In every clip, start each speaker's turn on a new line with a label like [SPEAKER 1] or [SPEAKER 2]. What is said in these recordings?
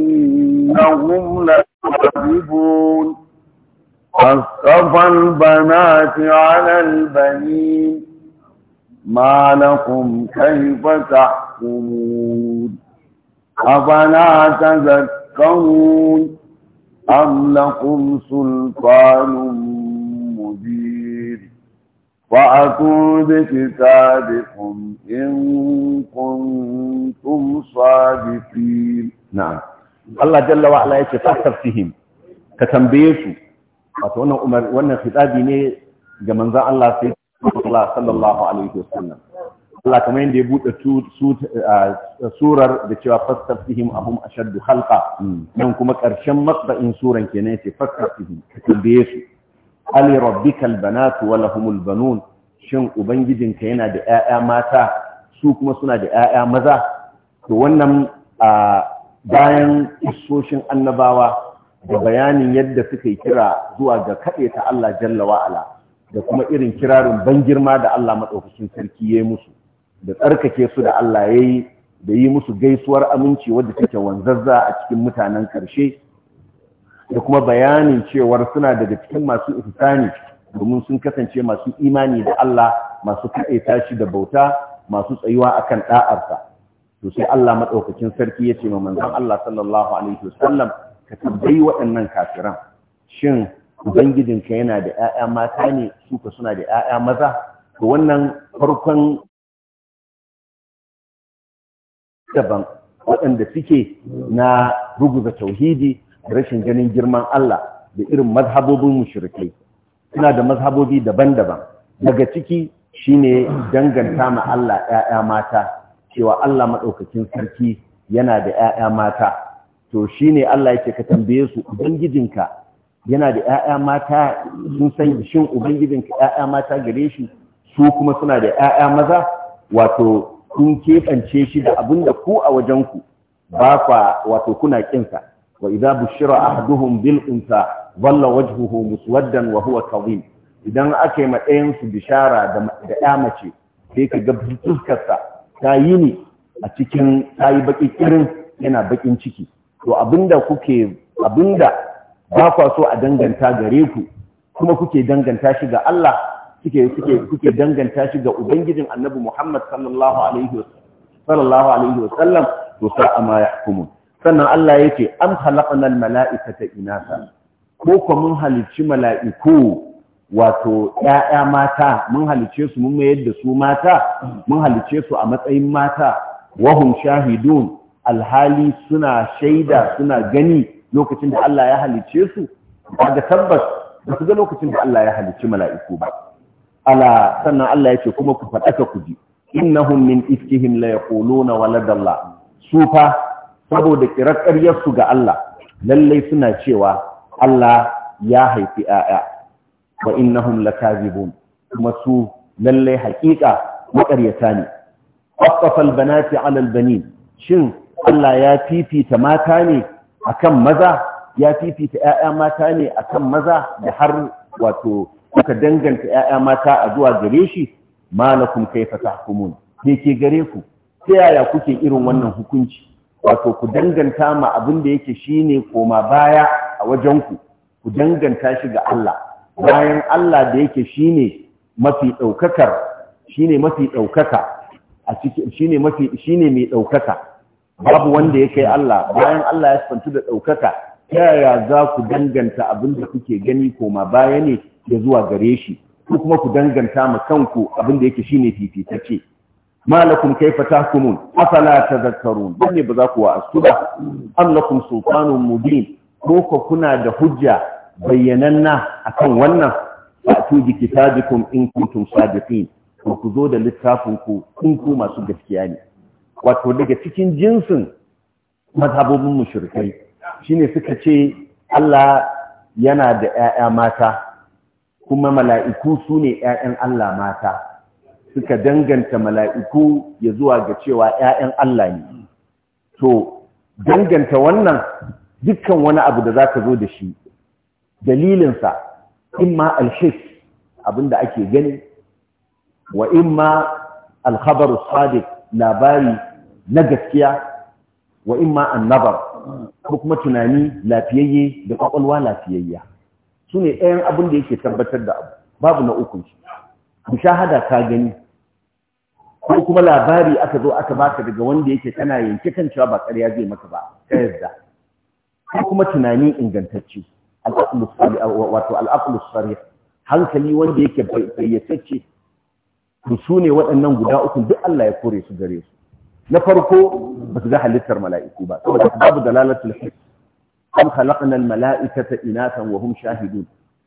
[SPEAKER 1] إنهم لكاذبون أصطفى البنات على البنين ما لكم كيف تحكمون أفلا تذكرون أم لكم سلطان مبين فأتوا بكتابكم إن كنتم صادقين نعم
[SPEAKER 2] Allah jalla wa ala yake fastafihim ka tambaye su wato wannan umar wannan fitabi ne ga manzon Allah sai Allah sallallahu alaihi wasallam Allah kamar yadda ya bude surar da cewa fastafihim ahum ashaddu khalqa nan kuma karshen masba'in suran kenan yace fastafihim ka tambaye su ali rabbikal banatu wa lahumul banun shin ubangijinka yana da ƴaƴa mata su kuma suna da ƴaƴa maza to wannan bayan isoshin annabawa da bayanin yadda suka yi kira zuwa ga kaɗe ta Allah jalla wa'ala da kuma irin kirarin ban girma da Allah maɗaukacin sarki ya yi musu da tsarkake su da Allah ya yi da yi musu gaisuwar aminci wadda take wanzazza a cikin mutanen ƙarshe da kuma bayanin cewar suna daga cikin masu ihsani domin sun kasance masu imani da Allah masu kaɗe tashi da bauta masu tsayuwa akan ɗa'arsa to sai Allah madaukakin sarki ya ce ma manzon Allah sallallahu alaihi wasallam ka tambayi waɗannan kafiran shin ubangijinka yana da ƴaƴa mata ne su ka suna da ƴaƴa maza to wannan farkon daban waɗanda suke na ruguza tauhidi da rashin ganin girman Allah da irin mazhabobin mushrikai suna da mazhabobi daban-daban daga ciki shine danganta ma Allah ƴaƴa mata cewa Allah maɗaukakin sarki yana da ‘ya'ya mata, to shi ne Allah yake ka tambaye su Ubangijinka yana da ‘ya'ya mata sun san shin Ubangijinka ‘ya'ya mata gare shi su kuma suna da ‘ya'ya maza wato kun keɓance shi da abin da ku a wajenku ba kwa wato kuna ƙinsa wa idza bushira a bil unsa walla wajhuhu muswaddan wa huwa kawai. idan aka yi ma su bishara da da mace sai ka ga fuskarsa ta yi ne a cikin ta yi baƙi kirin yana baƙin ciki to abinda kuke abinda ba kwa so a danganta gare ku kuma kuke danganta shi ga Allah suke suke kuke danganta shi ga ubangijin annabi Muhammad sallallahu alaihi wasallam sallallahu alaihi wasallam to amma ya yahkumun sannan Allah yake am khalaqnal mala'ikata inasa ko kuma mun halicci mala'iku wato ‘ya'ya mata mun halice su mun mayar da su mata mun halice su a matsayin mata wahun shahidun alhali suna shaida suna gani lokacin da Allah ya halice su daga tabbas ba su ga lokacin da Allah ya halice mala'iku ba ala sannan Allah ya ce kuma ku faɗaka ku ji innahum min iskihim la yaquluna waladallah su fa saboda kirar su ga Allah lallai suna cewa Allah ya haifi ‘ya'ya wa innahum lakazibun kuma su lalle haƙiƙa maƙaryata ne asfafal banati ala albanin shin Allah ya fifita mata ne akan maza ya fifita ƴaƴa mata ne akan maza da har wato kuka danganta ƴaƴa mata a zuwa gare shi malakum kaifa tahkumun ke ke gare ku ta yaya kuke irin wannan hukunci wato ku danganta ma abin da yake shine koma baya a wajen ku ku danganta shi ga Allah bayan Allah da yake shine mafi shi ne mafi ɗaukaka a cikin mafi mai ɗaukaka babu wanda ya kai Allah bayan Allah ya santu da ɗaukaka, ta yaya za ku danganta abin da kuke gani koma baya ne da zuwa gare shi ko kuma ku danganta ma kanku abin da yake shine fifitacce malakum kaifa tahkumun afala tadhakkarun don ne ba za ku wa'asu ba an lakum sultanun mudin ko kuna da hujja bayyananna a kan wannan ba fatu bi kitabikum in kuntum sadiqin to ku zo da littafin ku in ku masu gaskiya ne wato daga cikin jinsin mazhabobin mushrikai shine suka ce Allah yana da 'ya'ya mata kuma mala'iku su ne ƴaƴan Allah mata suka danganta mala'iku ya zuwa ga cewa 'ya'yan Allah ne to danganta wannan dukkan wani abu da zaka zo da shi dalilinsa imma alhis abinda ake gani wa imma alkhabaru sadiq labari na gaskiya wa imma annabar ko kuma tunani lafiyayye da kwakwalwa lafiyayya su ne ɗayan abin da yake tabbatar da abu babu na ukun shi mushahada ka gani ko kuma labari aka zo aka baka daga wanda yake tana yanke kan cewa ba ƙarya zai maka ba ka yarda ko kuma tunani ingantacce wato al'aqlu hankali wanda yake bayyatacce to su ne waɗannan guda uku duk Allah ya kore su gare su na farko ba su ga halittar mala'iku ba saboda babu dalalatul his am khalaqna mala'ika ta inatan wa shahidun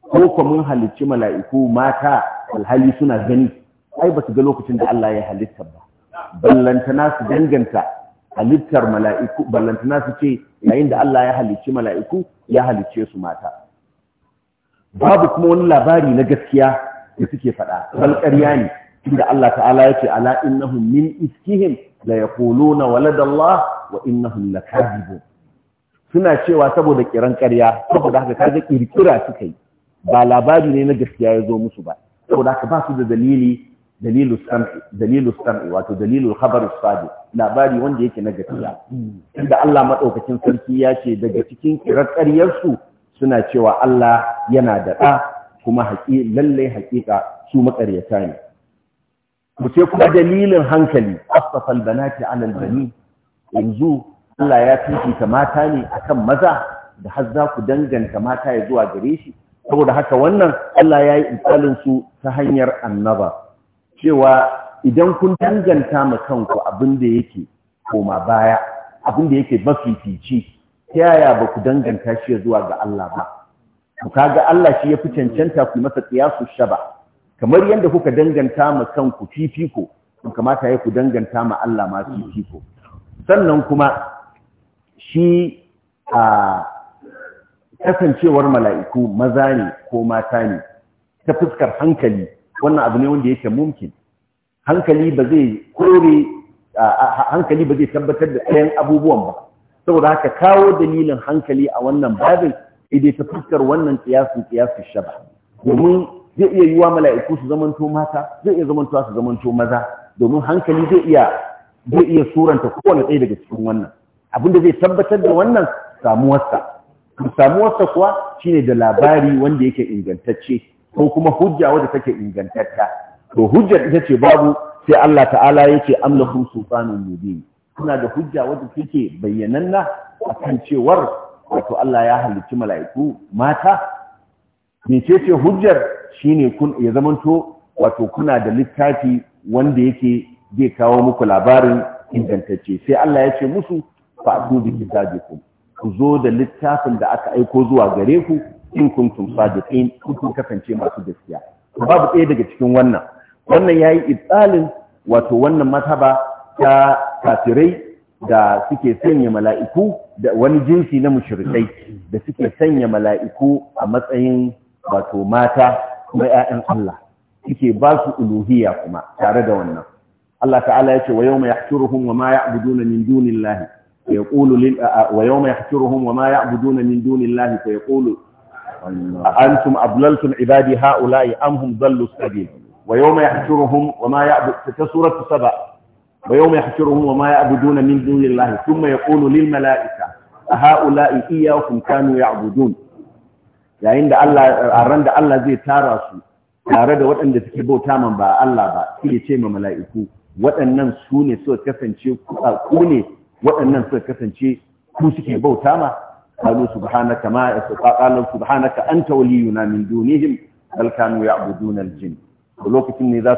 [SPEAKER 2] ko ko mun halicci mala'iku mata alhali suna gani ai ba su ga lokacin da Allah ya halitta ba na su danganta halittar mala'iku ballantana su ce yayin da Allah ya halicci mala'iku ya halicce su mata babu kuma wani labari na gaskiya da suke faɗa balƙarya ne inda Allah ta'ala ya ce ala innahum min iskihim la yaquluna waladallah wa innahum lakazibun suna cewa saboda ƙiran ƙarya saboda haka kaga ƙirƙira suka yi ba labari ne na gaskiya ya zo musu ba saboda haka ba su da dalili dalilu sam'i dalilu sam'i wato dalilu khabar sadiq labari wanda yake na gaskiya inda Allah madaukakin sarki ya ce daga cikin kirkariyar su suna cewa Allah yana da da kuma haƙi lalle haƙiƙa su makaryata ne mu ce kuma dalilin hankali asfal banati ala albani yanzu Allah ya fifita mata ne akan maza da har za ku danganta mata ya zuwa gare shi saboda haka wannan Allah ya yi su ta hanyar annaba cewa idan kun danganta ma kanku abinda da yake koma baya abin da yake mafifici ta yaya ba ku danganta shi zuwa ga Allah ba ku kaga Allah shi ya fi cancanta ku masa qiyasu shaba kamar yadda kuka danganta ma kanku fifiko ku kamata ya ku danganta ma Allah ma fifiko sannan kuma shi a kasancewar mala'iku maza ne ko mata ne ta fuskar hankali wannan abu ne wanda yake mumkin hankali ba zai kore hankali ba zai tabbatar da ɗayan abubuwan ba saboda haka kawo dalilin hankali a wannan babin idai ta fuskar wannan qiyasu qiyasu shaba domin zai iya yiwa mala'iku su zamanto mata zai iya zamanto su zamanto maza domin hankali zai iya zai iya suranta kowane ɗaya daga cikin wannan abinda zai tabbatar da wannan samuwarsa samuwarsa kuwa shine da labari wanda yake ingantacce ko kuma hujja wadda take ingantacca to hujjar ita ce babu sai Allah ta'ala yake amlakum sultanun mubin kuna da hujja wadda take bayyananna akan cewar wato Allah ya halicci mala'iku mata mece ce hujjar shine kun ya zamanto wato kuna da littafi wanda yake zai kawo muku labarin ingantacce sai Allah ya ce musu bikin bi kitabikum ku zo da littafin da aka aiko zuwa gare ku in kuntum sadiqin kun kasance masu gaskiya babu ɗaya daga cikin wannan wannan yayi ibtalin wato wannan mazhaba
[SPEAKER 1] ta kafirai
[SPEAKER 2] da suke sanya mala'iku da wani jinsi na mushrikai da suke sanya mala'iku a matsayin wato mata kuma ƴaƴan Allah suke ba su uluhiyya kuma tare da wannan Allah ta'ala ya ce wa yawma yahshuruhum wa ma ya'buduna min dunillahi fa yaqulu wa yawma yahshuruhum wa ma ya'buduna min dunillahi fa yaqulu أأنتم أضللتم عبادي هؤلاء أم هم ضلوا السبيل ويوم يحشرهم وما يعبد كسورة سبع ويوم يحشرهم وما يعبدون من دون الله ثم يقول للملائكة أهؤلاء إياكم كانوا يعبدون yayin da Allah a ran da Allah zai tara su tare da waɗanda suke bauta man ba Allah ba sai ya ce ma mala'iku waɗannan su suka kasance ku waɗannan suka kasance ku suke bauta ma قالوا سبحانك ما قالوا سبحانك أنت ولينا من دونهم بل كانوا يعبدون الجن ولوكتن إذا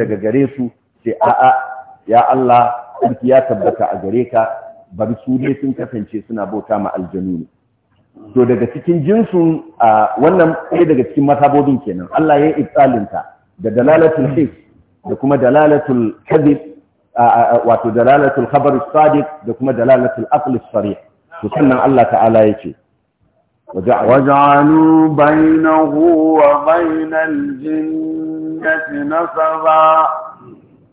[SPEAKER 2] daga gare su. sai a'a ya Allah sarki ya tabbata a gare ka bari su dai sun kasance suna bauta ma aljanu ne to daga cikin a wannan ɗaya daga cikin matabodin kenan Allah ya yi itsalinta da dalalatul his da kuma dalalatul kadhib wato dalalatul khabar sadiq da kuma dalalatul aql sarih sannan Allah
[SPEAKER 1] ta'ala yake
[SPEAKER 2] وجعلوا
[SPEAKER 1] بينه وبين الجنة نسبا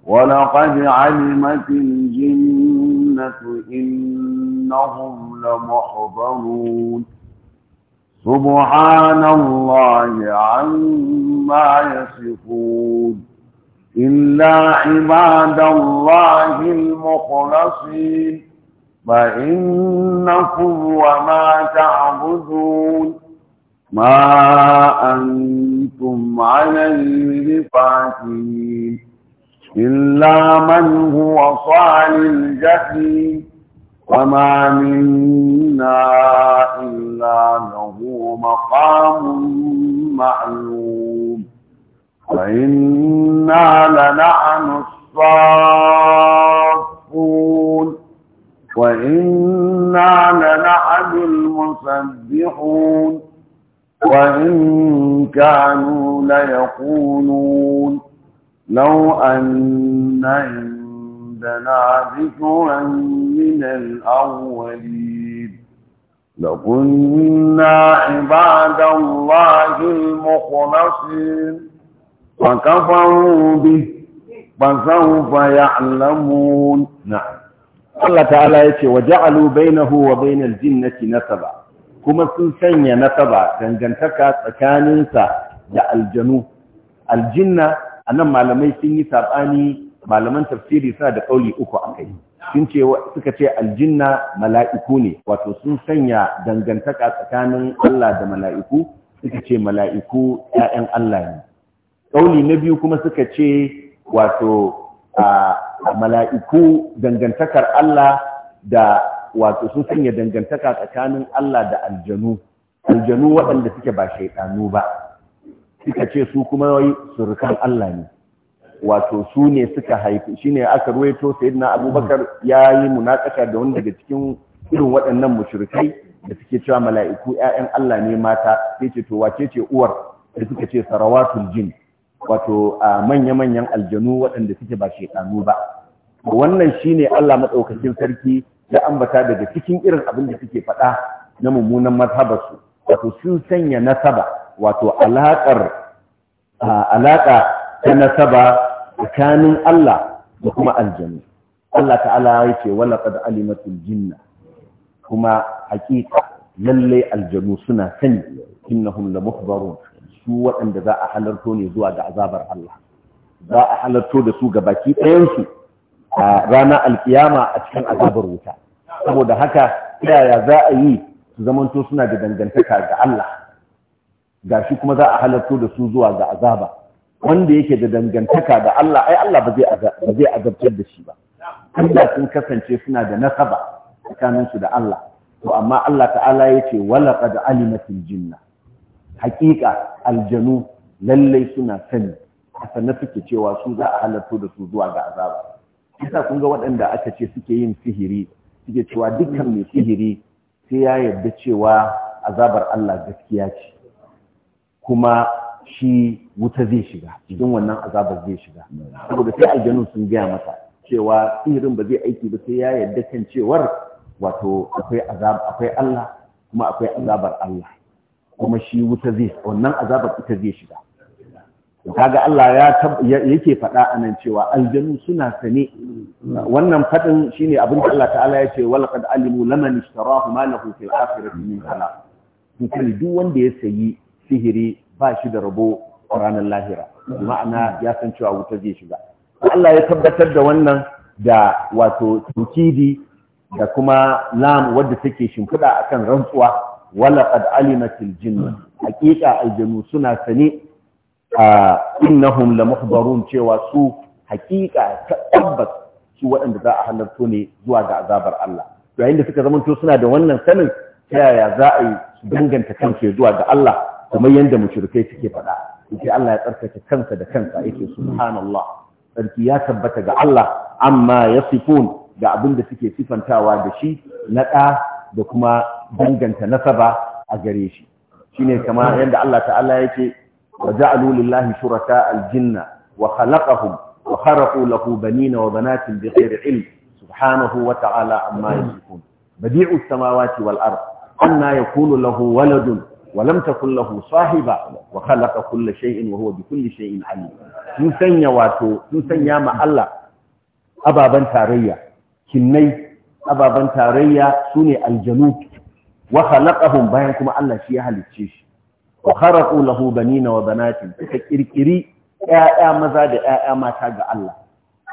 [SPEAKER 1] ولقد علمت الجنة إنهم لمحضرون سبحان الله عما يصفون إلا عباد الله المخلصين فإنكم وما تعبدون ما أنتم عليه بفاتين إلا من هو صال الجحيم وما منا إلا له مقام معلوم وإنا لنحن الصافون وإنا لنحن المسبحون وإن كانوا ليقولون لو أن عندنا ذكرا من الأولين لكنا عباد الله المخلصين فكفروا به فسوف يعلمون نعم Allah ta'ala ya ce wa ja'alu bainahu wa bainal
[SPEAKER 2] jinnati nasaba kuma sun sanya nasaba dangantaka tsakaninsa da aljanu aljinna anan malamai sun yi sabani malaman tafsiri sa da kauli uku akai sun ce suka ce aljinna mala'iku ne wato sun sanya dangantaka tsakanin Allah da mala'iku suka ce mala'iku 'ya'yan Allah ne kauli na biyu kuma suka ce wato a mala'iku dangantakar Allah da wato sun sanya dangantaka tsakanin Allah da aljanu aljanu waɗanda suke ba shaiɗanu ba suka ce su kuma yi surukan Allah ne wato su ne suka haifi Shi ne aka ruwaito na Abubakar ya yi munakasa da wanda daga cikin irin waɗannan mushrikai da suke cewa mala'iku 'ya'yan Allah ne mata sai ce to wace ce uwar da suka ce sarawatul jin wato a manya-manyan aljanu waɗanda suke ba shekanu ba wannan shine Allah matsaukakin sarki da ambata daga cikin irin abin da suke faɗa na mummunan mazhabarsu wato sun sanya nasaba wato alaƙar alaƙa ta nasaba tsakanin Allah da kuma aljanu Allah ta'ala ya ce wala qad alimatul jinna kuma haƙiƙa lallai aljanu suna sani innahum la su waɗanda za a halarto ne zuwa ga azabar Allah za a halarto da su ga baki ɗayansu a ranar alkiyama a cikin azabar wuta saboda haka yaya za a yi su zamanto suna da dangantaka ga Allah ga shi kuma za a halarto da su zuwa ga azaba wanda yake da dangantaka da Allah ai Allah ba zai azabtar da shi ba Allah sun kasance suna da nasaba tsakaninsu da Allah to amma Allah ta'ala ya ce walaƙad alimatin jinna hakika aljanu lallai suna sani a na suke cewa su za a halarto da su zuwa ga azaba Yasa kun ga waɗanda aka ce suke yin sihiri suke cewa dukkan mai sihiri sai ya yarda cewa azabar Allah gaskiya ce kuma shi wuta zai shiga cikin wannan azabar zai shiga saboda sai aljanu sun gaya masa cewa sihirin ba zai aiki ba sai ya yarda kan cewar wato akwai azab akwai Allah kuma akwai azabar Allah kuma shi wuta zai wannan azabar ita zai shiga kaga Allah ya yake faɗa a nan cewa aljanu suna sane wannan faɗin shine abin da Allah ta'ala ya ce walaqad alimu laman ishtarahu ma lahu fil akhirati min khalaq kuma duk wanda ya sayi sihiri ba shi da rabo ranar lahira ma'ana ya san cewa wuta zai shiga Allah ya tabbatar da wannan da wato tukidi da kuma lam wadda take shimfiɗa akan rantsuwa wala ƙad alimatil jinna hakika aljanu suna sani a innahum la muhbarun cewa su haƙiƙa, ta tabbas su waɗanda za a halarto ne zuwa ga azabar Allah yayin da suka zama suna da wannan sanin ta yaya za a yi su danganta kansu zuwa ga Allah kuma yanda mushrikai suke faɗa yake Allah ya tsarkake kansa da kansa yake subhanallah sarki ya tabbata ga Allah amma ya sifun ga abin da suke sifantawa da shi na da kuma danganta nasaba a gare shi shine kamar yadda Allah ta'ala yake wa ja'alu lillahi shuraka aljinna wa khalaqahum wa kharaqu lahu banina wa banatin bighairi ilm subhanahu wa ta'ala amma yasifun badi'u samawati wal ard anna yakulu lahu waladun wa lam takul lahu sahiba wa khalaqa kulla shay'in wa huwa bi kulli shay'in alim sun sanya wato sun sanya ma Allah ababan tarayya kinnai ababan tarayya sune aljanu wa khalaqahum bayan kuma Allah shi ya halicce shi wa kharaqu lahu banina wa banatin suka kirkiri ƴaƴa maza da ƴaƴa mata ga Allah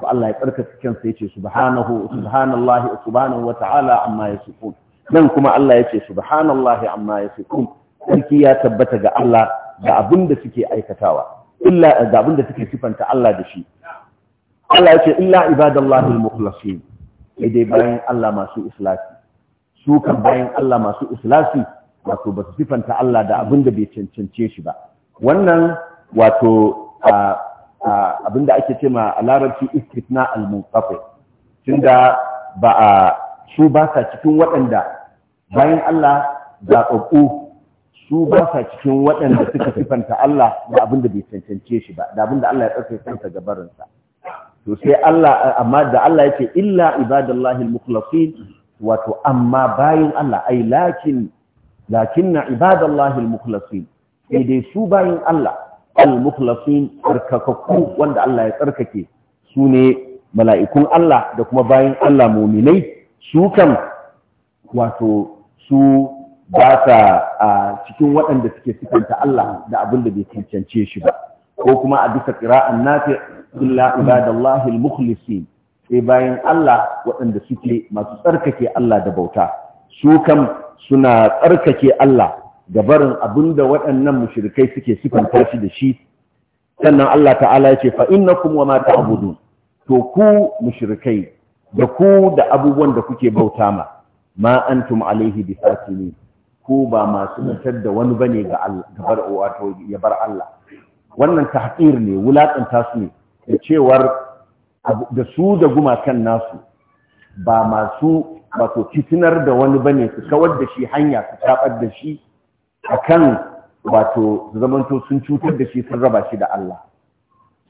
[SPEAKER 2] to Allah ya tsarkake kansa yace subhanahu subhanallahi subhanahu wa ta'ala amma yasifun nan kuma Allah yace subhanallahi amma yasifun sarki ya tabbata ga Allah da abinda suke aikatawa illa da abinda suke sifanta Allah da shi Allah yace illa ibadallahi almukhlasin sai dai bayan Allah masu islasi su kan bayan Allah masu islasi wato ba su sifanta Allah da abin da bai cancance shi ba wannan wato abin da ake ce ma a larabci istitna al-munqati tunda ba a su ba sa cikin waɗanda bayan Allah zaɓaɓɓu su ba sa cikin waɗanda suka sifanta Allah da abin da bai cancance shi ba da abin da Allah ya ɗauke kansa gabarinsa to sai Allah amma da Allah yake illa ibadallahi al-mukhlasin wato amma bayin Allah ai lakin na ibadallahi almukhlasin sai dai su bayin Allah almukhlasin tsarkakakku wanda Allah ya tsarkake su ne mala'ikun Allah da kuma bayin Allah muminai su kan wato su ba sa a cikin waɗanda suke sukanta Allah da abin da bai cancance shi ba ko kuma a bisa qira'an nafi illa ibadallahi almukhlasin sai bayan Allah waɗanda suke masu tsarkake Allah da bauta su kam suna tsarkake Allah ga barin da waɗannan mushrikai suke sifanta shi da shi sannan Allah ta'ala ya ce fa innakum wa ma abudu to ku mushrikai da ku da abubuwan da kuke bauta ma ma tum alaihi ne ku ba masu mutar da wani bane ga Allah ta bar Allah wannan tahqir ne wulaƙanta su ne da cewar da su da gumakan nasu ba masu wato fitinar da wani bane su kawar da shi hanya su tabar da shi akan wato zamanto sun cutar da shi sun raba shi da Allah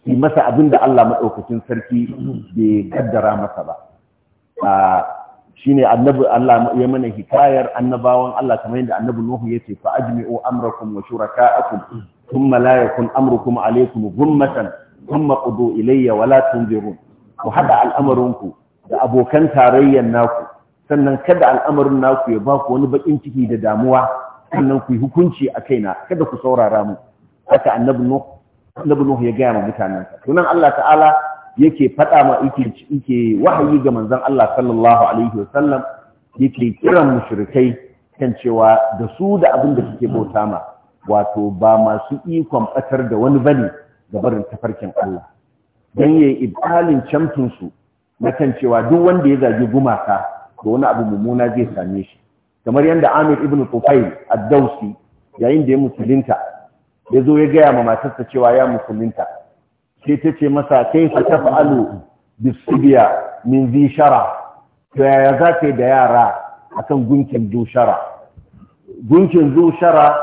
[SPEAKER 2] yi masa abin da Allah maɗaukacin sarki bai kaddara masa ba shine annabi Allah ya mana hikayar annabawan Allah kamar yadda annabi Nuhu ya yace fa ajmi'u amrakum wa shuraka'akum thumma la yakun amrukum alaykum ghummatan thumma qudu ilayya wa la tunzirun ku haɗa al'amarinku da abokan tarayyar naku sannan kada al'amarin naku ya ba ku wani baƙin ciki da damuwa sannan ku yi hukunci a kaina kada ku saurara mu haka annabi nuh ya gaya ma mutanensa tunan Allah ta'ala yake faɗa ma yake wahayi ga manzon Allah sallallahu alaihi wasallam yake kiran mushrikai kan cewa da su da abin da suke bauta ma wato ba masu ikon batar da wani bane ga barin tafarkin Allah don ya yi ibalin camfinsu na kan cewa duk wanda ya zagi gumaka da wani abu mummuna zai same shi kamar yadda amir ibn tufail Addausi, yayin da ya musulunta ya zo ya gaya ma matarsa cewa ya musulunta sai ta ce masa kai fa taf'alu bisibiya min zi shara to yaya za ta yi da yara akan gunkin zu shara? gunkin zu shara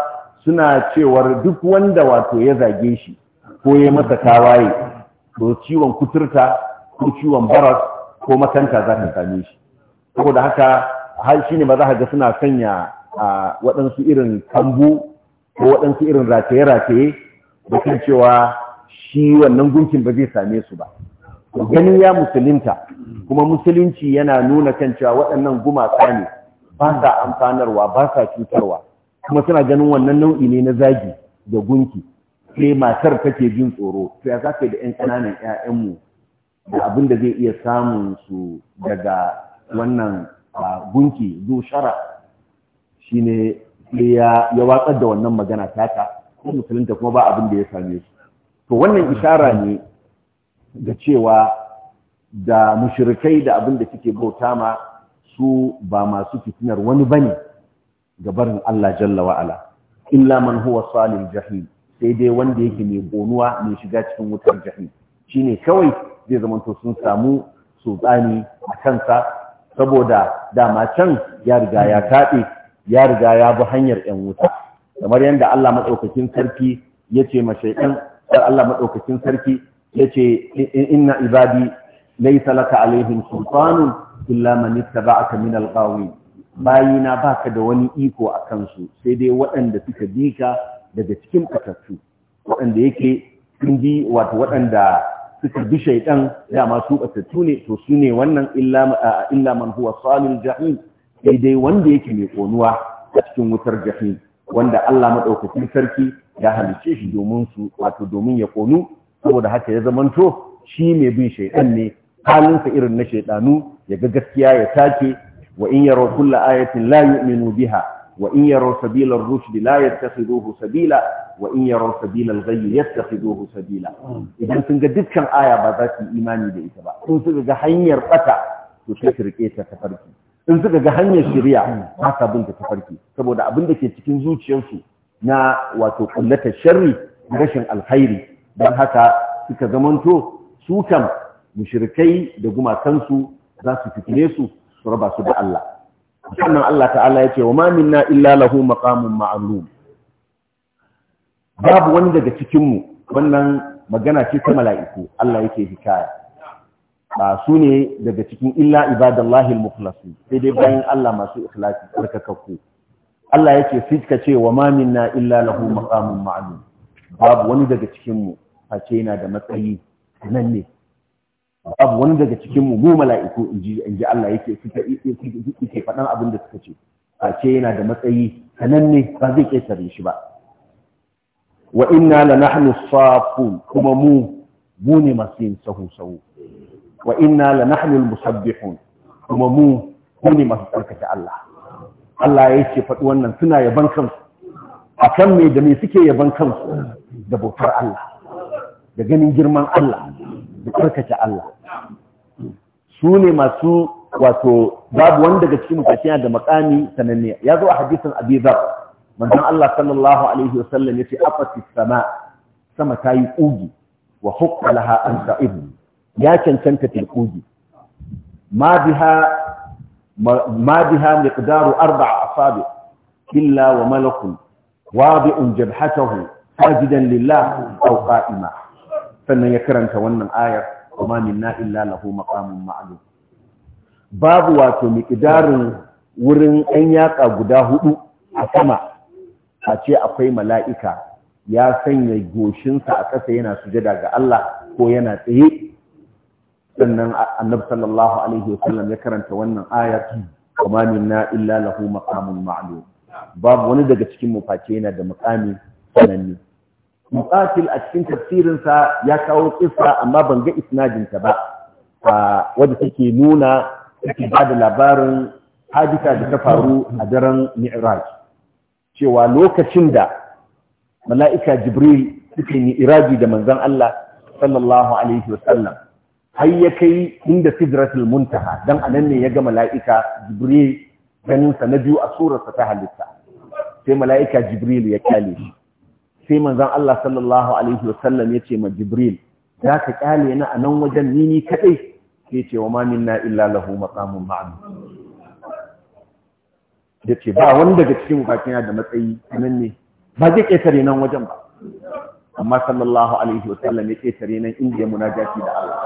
[SPEAKER 2] suna cewar duk wanda wato ya zage shi ko ya masa tawaye ko ciwon kuturta ko ciwon baras ko makanta za ta same shi saboda haka har shi ne ba za ga suna sanya a waɗansu irin kambu ko waɗansu irin rataye-rataye da kan cewa shi wannan gunkin ba zai same su ba ganin ya musulunta kuma musulunci yana nuna kan cewa waɗannan gumaka ne ba sa amfanarwa ba sa cutarwa kuma suna ganin wannan nau'i ne na zagi da gunki sai matar take jin tsoro to ya zaka da 'yan ƙananan ƴaƴanmu da abin da zai iya samun su daga wannan gunki zu shara shine ne ya watsar da wannan magana taka ko musulunta kuma ba abin da ya same su to wannan ishara ne ga cewa da mushrikai da abin da suke bauta ma su ba masu fitinar wani bane ga barin Allah jalla wa'ala illa man huwa salil jahim sai dai wanda yake mai gonuwa mai shiga cikin wutar jahi ne kawai zai zamanto sun samu sultani a kansa saboda dama can ya riga ya taɓe ya riga ya bi hanyar 'yan wuta kamar yadda Allah maɗaukakin sarki ya ce mashaiɗan Allah maɗaukakin sarki ya ce inna ibadi laisa laka alaihim sultanun illa man ittaba'aka min alqawin bayina baka da wani iko a kansu sai dai waɗanda suka bi ka daga cikin fatattu waɗanda yake sun wato waɗanda suka bi shaiɗan, dama su fatattu ne to su ne wannan illa man huwa su jahim sai dai wanda yake mai konuwa a cikin wutar jahim wanda Allah madaukakin sarki ya halice shi domin su wato domin ya konu saboda haka ya zamanto shi mai bin shaiɗan ne halinsa irin na shaiɗanu, ya ga gaskiya ya take wa in yaro kulla ayatin la yu'minu biha وإن يروا سبيل الرشد لا يتخذوه سبيلا وإن يروا سبيل الغي يتخذوه سبيلا إذا سن ga dukkan aya ba za su imani da ita ba in suka ga hanyar bata to sai su ta tafarki in suka ga hanyar shirya, ba ta bin ta tafarki saboda abin da ke cikin zuciyarsu na wato kullata sharri rashin alkhairi dan haka suka zamanto sukan kan mushrikai da gumakansu zasu su su su raba su da Allah sannan Allah ta'ala ya ce wa ma minna illa lahu maqamun ma'lum babu wani daga cikin wannan magana ce ta mala'iku Allah yake hikaya ba su ne daga cikin illa ibadallahi al-mukhlasin sai dai bayan Allah masu ikhlasi tsarkakakku Allah yake fitka ce wa ma minna illa lahu maqamun ma'lum babu wani daga cikin mu face yana da matsayi nan ne babu wani daga cikin mu mala'iku in ji Allah yake suka yake faɗan abin da suka ce ce yana da matsayi sananne ba zai ƙetare shi ba wa inna la nahnu safun kuma mu mu ne masu yin sahu sahu wa inna la nahnu musabbihun kuma mu mu ne masu tsarkake Allah Allah ya ce faɗi wannan suna yaban kansu a kan me da me suke yaban kansu da bautar Allah da ganin girman Allah da tsarkace Allah su ne masu wato babu wanda daga cikin mutane da makami sananne ya zo a hadisin Abi Dhar manzon Allah sallallahu alaihi wasallam yace afati sama sama ta yi kugi wa huqqa laha an sa'ib ya cancanta til kugi ma biha ma biha miqdaru arba'a asabi illa wa malakun wadi'un jabhatahu sajidan lillah aw qa'ima sannan ya karanta wannan ayar kuma minna illa lahu maqamun ma'lum babu wato miqdarin wurin ɗan yaka guda hudu a sama a ce akwai mala'ika ya sanya goshinsa a ƙasa yana sujada ga Allah ko yana tsaye sannan annabi sallallahu alaihi wasallam ya karanta wannan ayar kuma minna illa lahu maqamun ma'lum babu wani daga cikin mu yana da maqami sananne muqatil a cikin tafsirinsa ya kawo kissa amma ban ga isnadinta ba a wadda take nuna take ba da labarin hadisa da ta faru a daren mi'raj cewa lokacin da mala'ika jibril suke mi'raji da manzon Allah sallallahu alaihi wa sallam har ya kai inda sidratul muntaha dan anan ne ya ga mala'ika jibril ganin sa na biyu a surarsa ta halitta sai mala'ika jibril ya kyale shi sai manzon Allah sallallahu alaihi wasallam yace ma Jibril za ka kyale na a nan wajen ni ni kadai sai ce wa ma na illa lahu maqamun Ya ce ba wani daga cikin bakin da matsayi nan ne ba zai ƙetare nan wajen ba amma sallallahu alaihi wasallam ya ketare nan inda ya munajati da Allah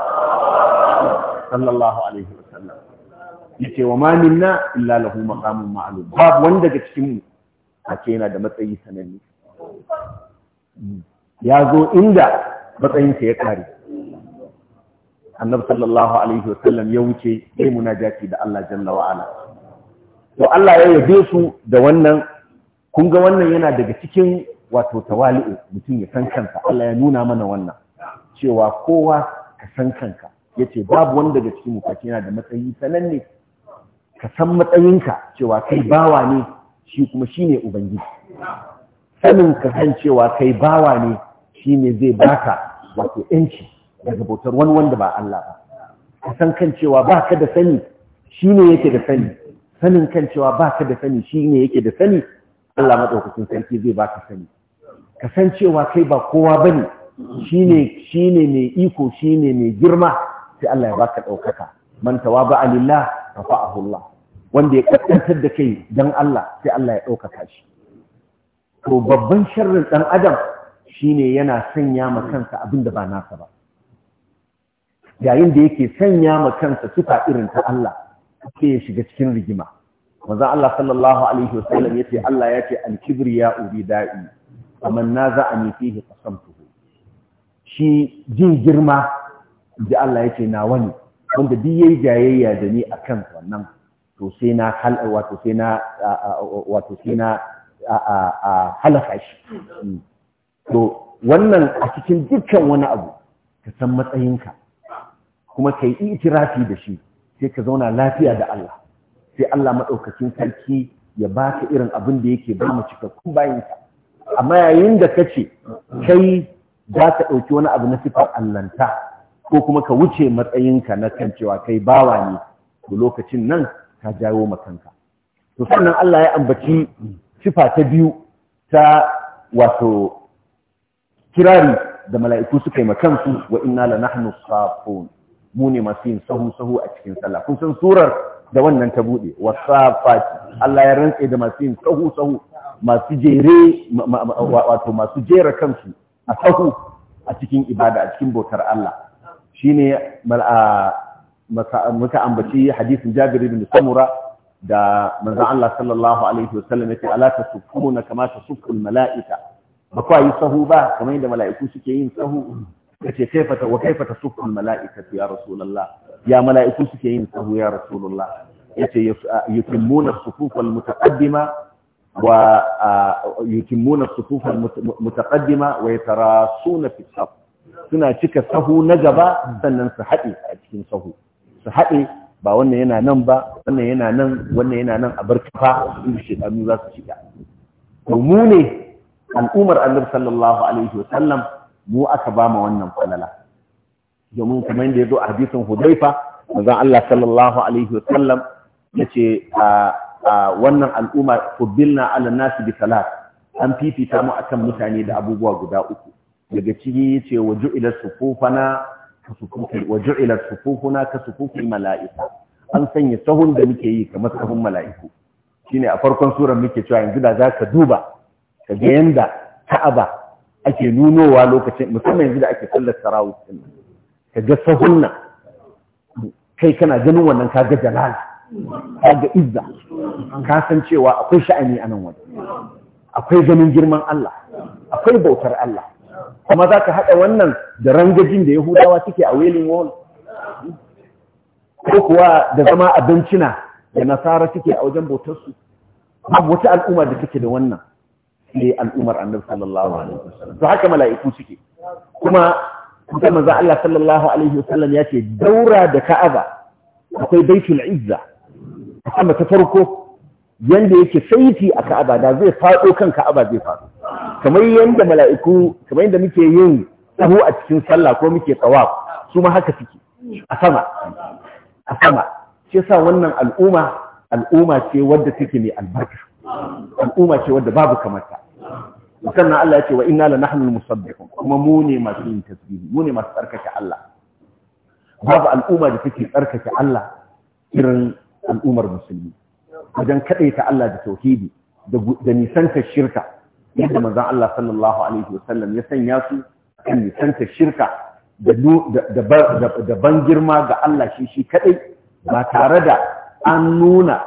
[SPEAKER 2] sallallahu alaihi wasallam yace wa ma na illa lahu maqamun ma'lum babu wanda daga cikin mu ake da matsayi sananne ya zo inda matsayinsa ya kare annabi sallallahu alaihi wasallam ya wuce sai munajati da Allah jalla wa to Allah ya yabe su da wannan kun ga wannan yana daga cikin wato tawali'u mutum ya san kanka, Allah ya nuna mana wannan cewa kowa ka san kanka yace babu wanda daga cikin mutane yana da matsayi sananne ka san matsayinka cewa kai bawa ne shi kuma shine ubangiji sanin ka kan cewa kai bawa ne shi ne zai baka wato yanci daga bautar wani wanda ba Allah ba ka san kan cewa ba ka da sani shi ne yake da sani sanin kan cewa ba ka da sani shi ne yake da sani Allah madaukakin sarki zai baka sani ka san cewa kai ba kowa ba ne shi ne mai iko shi ne mai girma sai Allah ya baka ɗaukaka mantawa ba kafa a hulwa. wanda ya kaskantar da kai dan Allah sai Allah ya ɗaukaka shi to babban sharrin ɗan adam shine yana sanya ma kansa abin da ba nasa ba yayin da yake sanya ma kansa suka irin ta Allah sai ya shiga cikin rigima manzo Allah sallallahu alaihi wasallam yace Allah yace al-kibriya ubida'i faman naza'ani fihi qasamtuhu shi jin girma da Allah yace na wani wanda duk yayi jayayya da ni akan wannan to sai na hal wato sai na wato sai na a halaka shi to wannan a cikin dukkan wani abu ka san matsayinka kuma ka yi itirafi da shi sai ka zauna lafiya da Allah sai Allah maɗaukacin sarki ya ba ka irin abin da yake ba mu cikakkun bayanka amma yayin da ka ce kai za ka ɗauki wani abu na sifar allanta ko kuma ka wuce matsayinka na kan cewa kai bawa ne to lokacin nan ka jawo makanka to sannan Allah ya ambaci sifa ta biyu ta wato kirari da mala'iku suka yi makansu wa inna la nahnu safun mu ne masu yin sahu sahu a cikin sallah kun san surar da wannan ta bude wasafati Allah ya rantse da masu yin sahu sahu masu jere wato masu jera kansu a sahu a cikin ibada a cikin bautar Allah shine muka ambaci hadisin Jabir ibn Samura da manzon Allah sallallahu alaihi wasallam yace ala tasukkuna kama tasukku almalaika ba kwa yi sahu ba kamar yadda mala'iku suke yin sahu yace kaifa ta wa kaifa tasukku almalaikatu ya rasulullah ya mala'iku suke yin sahu ya rasulullah yace yukimmuna as-sufuf almutaqaddima wa yukimmuna as-sufuf almutaqaddima wa yatarasuna fi saf suna cika sahu na gaba sannan su haɗe a cikin sahu su haɗe ba wannan yana nan ba wannan yana nan wannan yana nan a bar kafa inda shekaru za su shiga to mu ne al'ummar annabi sallallahu alaihi wasallam mu aka ba mu wannan falala domin kuma yadda ya zo a hadisin hudaifa manzon Allah sallallahu alaihi wasallam yace a wannan al'umma fubilna ala nasi bi salat an fifita mu akan mutane da abubuwa guda uku daga ciki ce waju ila sufufana wa ju'ilat sufufuna ka mala'ika an sanya sahun da muke yi kamar sahun mala'iku shine a farkon surar muke cewa yanzu da za ka duba ka ga yanda ka'aba ake nunowa lokacin musamman yanzu da ake sallar tarawih din ka ga sahunna kai kana ganin wannan ka ga jalala ka ga izza ka san cewa akwai sha'ani a nan wajen akwai ganin girman Allah akwai bautar Allah kuma za ka haɗa wannan da rangajin da yahudawa suke a wailing wall ko kuwa da zama abincina da nasara suke a wajen bautarsu babu wata al'umma da take da wannan ne al'ummar annabi sallallahu alaihi wasallam to haka mala'iku suke kuma kuma manzo Allah sallallahu alaihi wasallam ya ce daura da Ka'aba akwai baitul izza kuma ta farko yanda yake saiti a Ka'aba da zai fado kan Ka'aba zai fado kamar yadda mala'iku kamar yadda muke yin tsaho a cikin sallah ko muke tsawa su ma haka suke
[SPEAKER 3] a sama a sama
[SPEAKER 2] shi yasa wannan al'umma al'umma ce wadda take mai albarka al'umma ce wadda babu kamata sannan Allah ya ce wa inna la nahnu musabbihun kuma mu ne masu yin tasbihi mu ne masu tsarkake Allah babu al'umma da take tsarkake Allah irin al'ummar musulmi wajen kadaita Allah da tauhidi da nisanta shirka yadda manzan Allah sallallahu alaihi wasallam ya sanya su kan nisanta shirka da ban girma ga Allah shi shi kadai ba tare da an nuna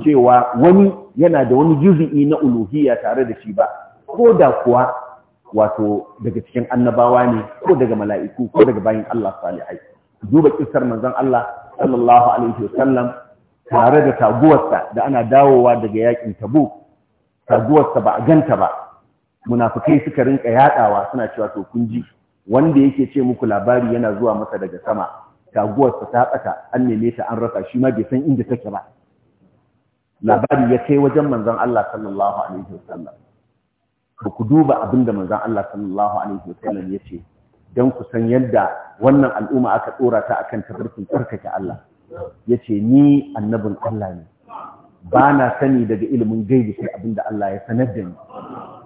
[SPEAKER 2] cewa wani yana da wani juzi'i na uluhiyya tare da shi ba ko da kuwa wato daga cikin annabawa ne ko daga mala'iku ko daga bayan Allah salihai duba kisar manzon Allah sallallahu alaihi wasallam tare da taguwarsa da ana dawowa daga yakin Tabuk taguwarsa ba a ganta ba munafukai suka rinka yadawa suna cewa to kun ji wanda yake ce muku labari yana zuwa masa daga sama taguwarsa ta tsaka an neme ta an rasa shi ma bai san inda take ba labari ya kai wajen manzon Allah sallallahu alaihi wasallam ba ku duba abinda da manzon Allah sallallahu alaihi wasallam ya ce don ku san yadda wannan al'umma aka tsora ta akan tabarkin tsarkake Allah yace ni annabin Allah ne ba na sani daga ilimin gaibi sai abin da Allah ya sanar da ni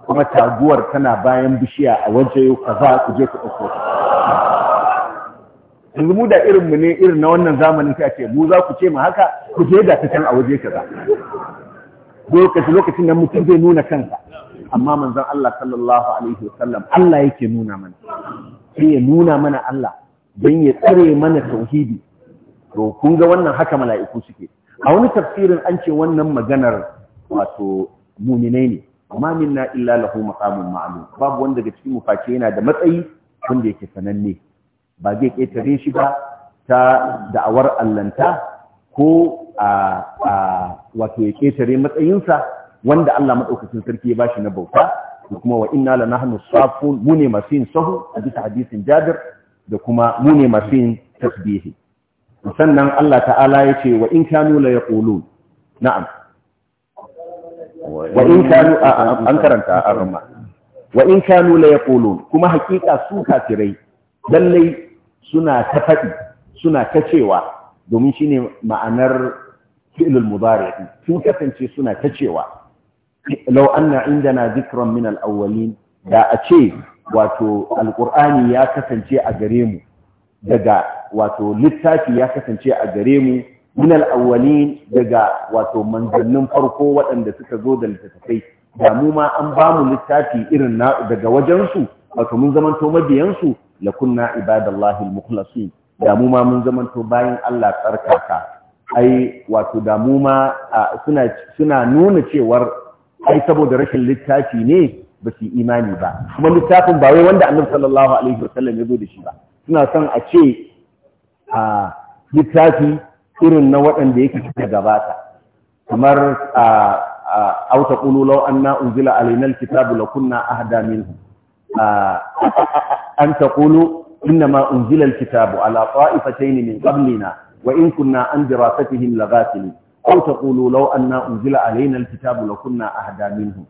[SPEAKER 2] kuma taguwar tana bayan bishiya a waje kaza ku je ku ɗauko yanzu mu da irin mu ne irin na wannan zamanin sai a ce mu za ku ce mu haka ku je da ta can a waje kaza lokaci lokacin nan mutum zai nuna kansa amma manzon Allah sallallahu alaihi wasallam Allah yake nuna mana sai ya nuna mana Allah don ya tsare mana tauhidi to kun ga wannan haka mala'iku suke a wani tafsirin an ce wannan maganar wato muminai ne amma minna illa lahu maqamun ma'lum babu wanda daga cikin mufaci yana da matsayi wanda yake sananne ba zai ketare shi ba ta da'awar allanta ko a wato ya ketare matsayinsa wanda Allah madaukakin sarki ya bashi na bauta da kuma wa inna la nahnu safun mu ne masu yin sahu a bisa hadisin Jabir da kuma mu ne masu yin tasbihi sannan Allah ta'ala ya ce wa in kanu la yaqulun na'am
[SPEAKER 3] wa in kanu an karanta
[SPEAKER 2] a rama wa in kanu la yaqulun kuma hakika su kafirai lallai suna ta faɗi suna ta cewa domin shine ma'anar fi'lul mudari sun kasance suna ta cewa law anna indana dhikran min al-awwalin da a ce wato alqur'ani ya kasance a gare mu daga wato littafi ya kasance a gare mu min al daga wato manzannin farko waɗanda suka zo da littattafai da mu ma an ba mu littafi irin na daga wajensu wato mun zamanto mabiyansu la kunna ibadallahi al da mu ma mun zamanto bayan Allah tsarkaka ai wato da mu ma suna suna nuna cewar ai saboda rashin littafi ne ba su imani ba kuma littafin ba wai wanda Annabi sallallahu alaihi wasallam ya zo da shi ba suna son a ce a littafi irin na waɗanda yake da gabata kamar a auta ƙululau an na unzila alainar kitabu la kunna ahada minhu an ta ƙulu inna ma unzila alkitabu ala ta'ifatayn min qablina wa in kunna an dirasatihim lagatilin aw taqulu law anna unzila alaina alkitabu lakunna ahda minhu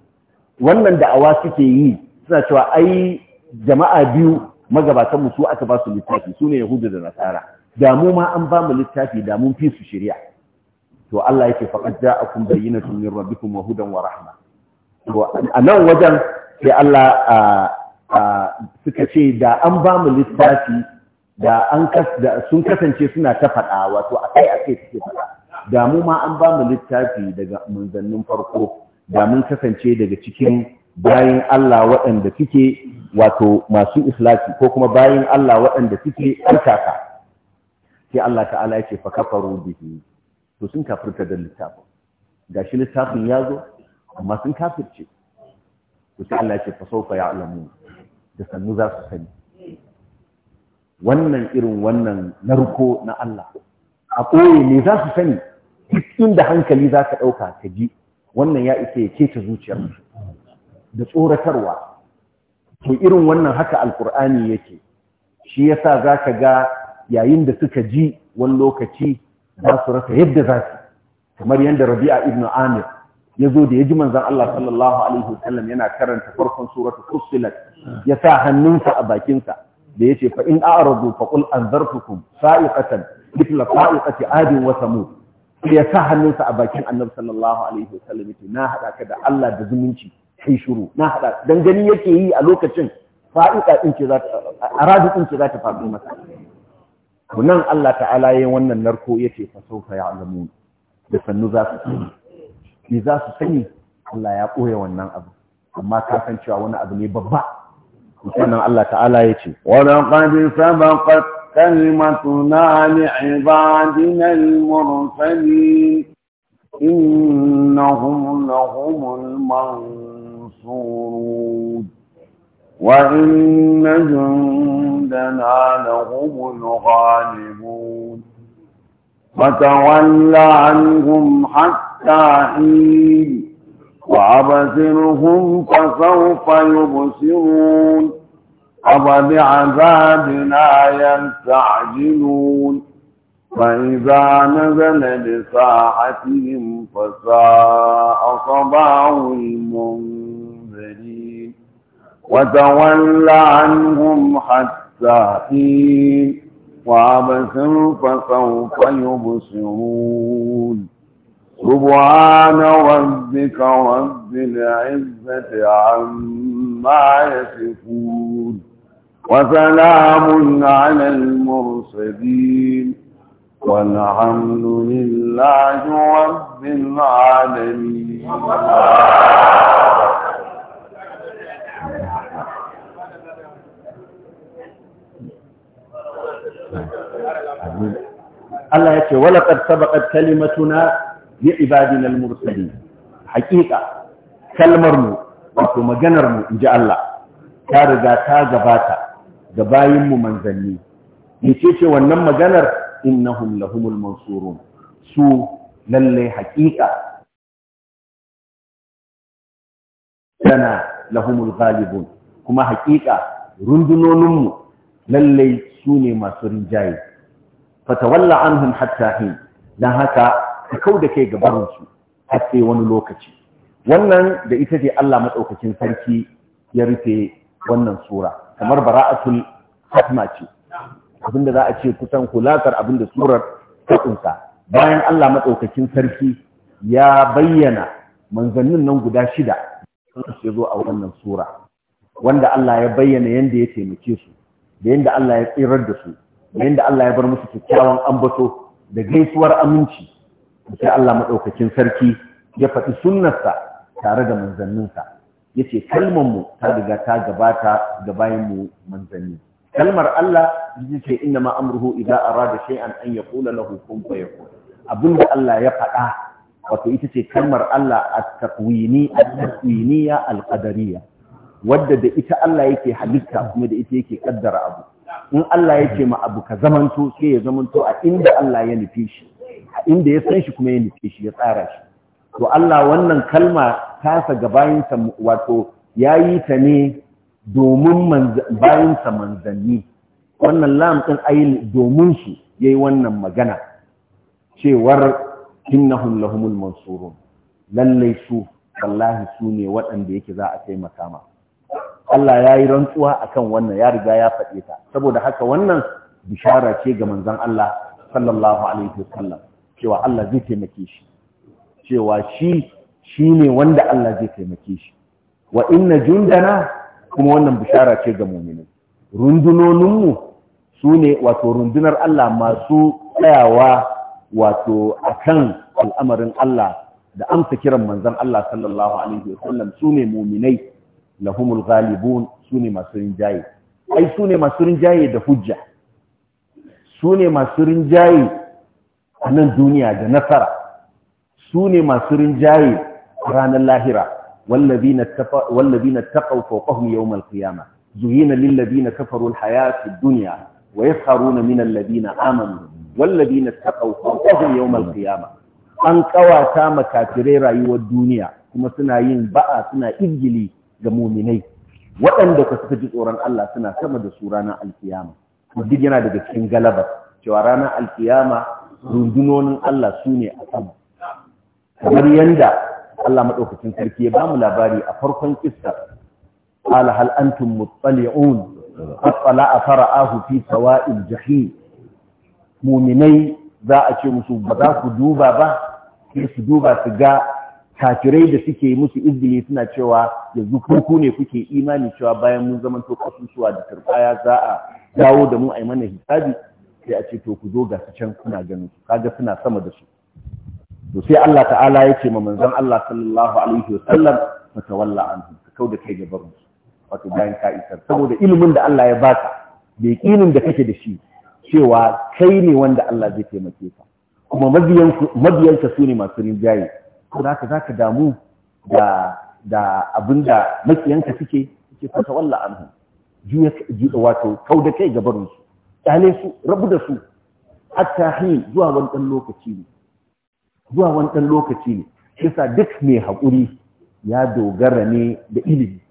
[SPEAKER 2] wannan da'awa suke yi suna cewa ai jama'a biyu magabatan mu su aka ba su littafi su ne yahudu da nasara da mu ma an ba mu littafi da mun fi su shari'a to Allah yake faqad ja'akum bayyinatun min rabbikum wa hudan wa rahma to a nan wajen sai Allah suka ce da an ba mu littafi da an sun kasance suna ta faɗa wato a kai a kai suke faɗa da mu ma an ba mu littafi daga manzannin farko da mun kasance daga cikin bayan Allah waɗanda suke wato masu islaki ko kuma bayan Allah waɗanda suke tsarkaka sai Allah ta'ala ce fa kafaru bihi to sun kafirta da littafin gashi littafin ya zo amma sun kafirce to sai Allah ce fa sawfa ya'lamu da sannu za su sani wannan irin wannan narko na Allah a koyi ne za su sani duk inda hankali za ka ɗauka ka ji wannan ya isa ya keta zuciyar da tsoratarwa to irin wannan haka alkur'ani yake shi yasa za ka ga yayin da suka ji wani lokaci za su rasa yadda za su kamar yadda rabi'a ibn amir ya zo da ya ji manzan Allah sallallahu alaihi wasallam yana karanta farkon suratu fussilat ya sa hannunsa a bakinsa da ya ce fa in a'radu fa qul anzartukum sa'iqatan mithla sa'iqati adin wa samud ya sa hannunsa a bakin annabi sallallahu alaihi wasallam na haɗa ka da Allah da zumunci kai shiru na haɗa don gani yake yi a lokacin fa'iƙa ɗin ce za ta aradu ɗin ce za ta faɗo masa nan Allah ta'ala yayin wannan narko yace fa saufa ya'lamun da sannu za su sani ni za su sani Allah ya ɓoye wannan abu amma ka san cewa wani abu ne babba sannan Allah ta'ala yace wa
[SPEAKER 1] laqad sabaqat kalimatuna ibadina al-mursalin innahum lahumul mansurun منصورون وإن جندنا لهم الغالبون فتول عنهم حتى حين وأبصرهم فسوف يبصرون أفبعذابنا يستعجلون فإذا نزل بساحتهم فساء صباح المنكر وتول عنهم حتى حين وعبسوا فسوف يبصرون سبحان ربك رب العزة عما يصفون وسلام على المرسلين والحمد لله رب العالمين
[SPEAKER 3] Allah ya ce wala qad
[SPEAKER 2] sabaqat kalimatuna li ibadina al-mursalin Haƙiƙa kalmar mu wato maganar mu inji Allah ta riga ta gabata ga bayinmu mu manzanni yace ce wannan maganar innahum lahumul mansurun su lalle haƙiƙa lana lahumul ghalibun kuma haƙiƙa rundunoninmu lallai su ne masu rinjaye fatawalla anhum hatta hi dan haka ka da kai ga su har sai wani lokaci wannan da ita ce Allah madaukakin sarki ya rufe wannan sura kamar bara'atul hatma ce abinda za a ce kusan kulakar abinda surar ta kunsa bayan Allah madaukakin sarki ya bayyana manzannin nan guda shida sun zo a wannan sura wanda Allah ya bayyana yanda ya taimake su da yadda Allah ya tsirar da su da yadda Allah ya bar musu kyakkyawan ambato da gaisuwar aminci da sai Allah maɗaukakin sarki ya faɗi sunnarsa tare da manzanninsa ya ce kalmarmu ta riga ta gabata ga bayanmu manzanni kalmar Allah ya ce inna ma amruhu idan da shay'an an ya yaqula lahu kun Abin da Allah ya faɗa wato ita ce kalmar Allah a taqwini a wadda da ita Allah yake halitta kuma da ita yake kaddara abu in Allah ya ce ma abu ka zamanto sai ya zamanto a inda Allah ya nufe shi a inda ya san shi kuma ya nufi shi ya tsara shi to Allah wannan kalma tasa ga bayinsa wato ya yi ta ne domin bayinsa manzanni wannan lam ɗin ayin domin su ya yi wannan magana cewar innahum lahumul mansurun lallai su wallahi su ne waɗanda yake za a taimaka ma Allah ya yi rantsuwa akan wannan ya riga ya faɗe ta saboda haka wannan bishara ce ga manzan Allah sallallahu alaihi wasallam cewa Allah zai taimake shi cewa shi shine wanda Allah zai taimake shi wa inna jundana kuma wannan bishara ce ga mu'minin rundunoninmu su ne wato rundunar Allah masu tsayawa wato akan al'amarin Allah da amsa kiran manzan Allah sallallahu alaihi wasallam su ne mu'minai lahumul ghalibun sune masu rinjaye ai sune masu rinjaye da hujja sune masu rinjaye a nan duniya da nasara sune masu rinjaye ranar lahira والذين اتقوا والذين اتقوا فوقهم يوم القيامه زين للذين كفروا الحياه في الدنيا ويسخرون من الذين امنوا والذين اتقوا فوقهم يوم القيامه an kawata makafirai rayuwar duniya kuma suna yin ba'a suna ingili. ga muminai waɗanda ka suka ji tsoron Allah suna sama da su ranar alkiyama duk yana daga cikin galaba cewa ranar alkiyama rundunonin Allah su ne a sama kamar yanda Allah maɗaukacin sarki ya bamu labari a farkon kissa qala hal antum muttali'un fattala fara'ahu fi sawa'il jahim muminai za a ce musu ba za ku duba ba sai su duba su ga kafirai da suke musu izini suna cewa yanzu ku ne kuke imani cewa bayan mun zama to kasusuwa da turbaya za a dawo da mu a yi mana hisabi sai a ce to ku zo ga su can kuna ganin su kaga suna sama da su to sai Allah ta'ala ya ce ma manzon Allah sallallahu alaihi wa sallam tawalla anhu ka kauda kai ga barin wato bayan ka isar saboda ilimin da Allah ya baka da yakinin da kake da shi cewa kai ne wanda Allah zai taimake ka kuma mabiyanka su ne masu rinjaye saboda za ka damu da abin da makiyanka suke suke fata an hu juya wato kau da kai gabarin su kyale su rabu da su attahi zuwa wani dan lokaci ne zuwa wani dan lokaci ne yasa duk mai haƙuri ya dogara ne da ilimi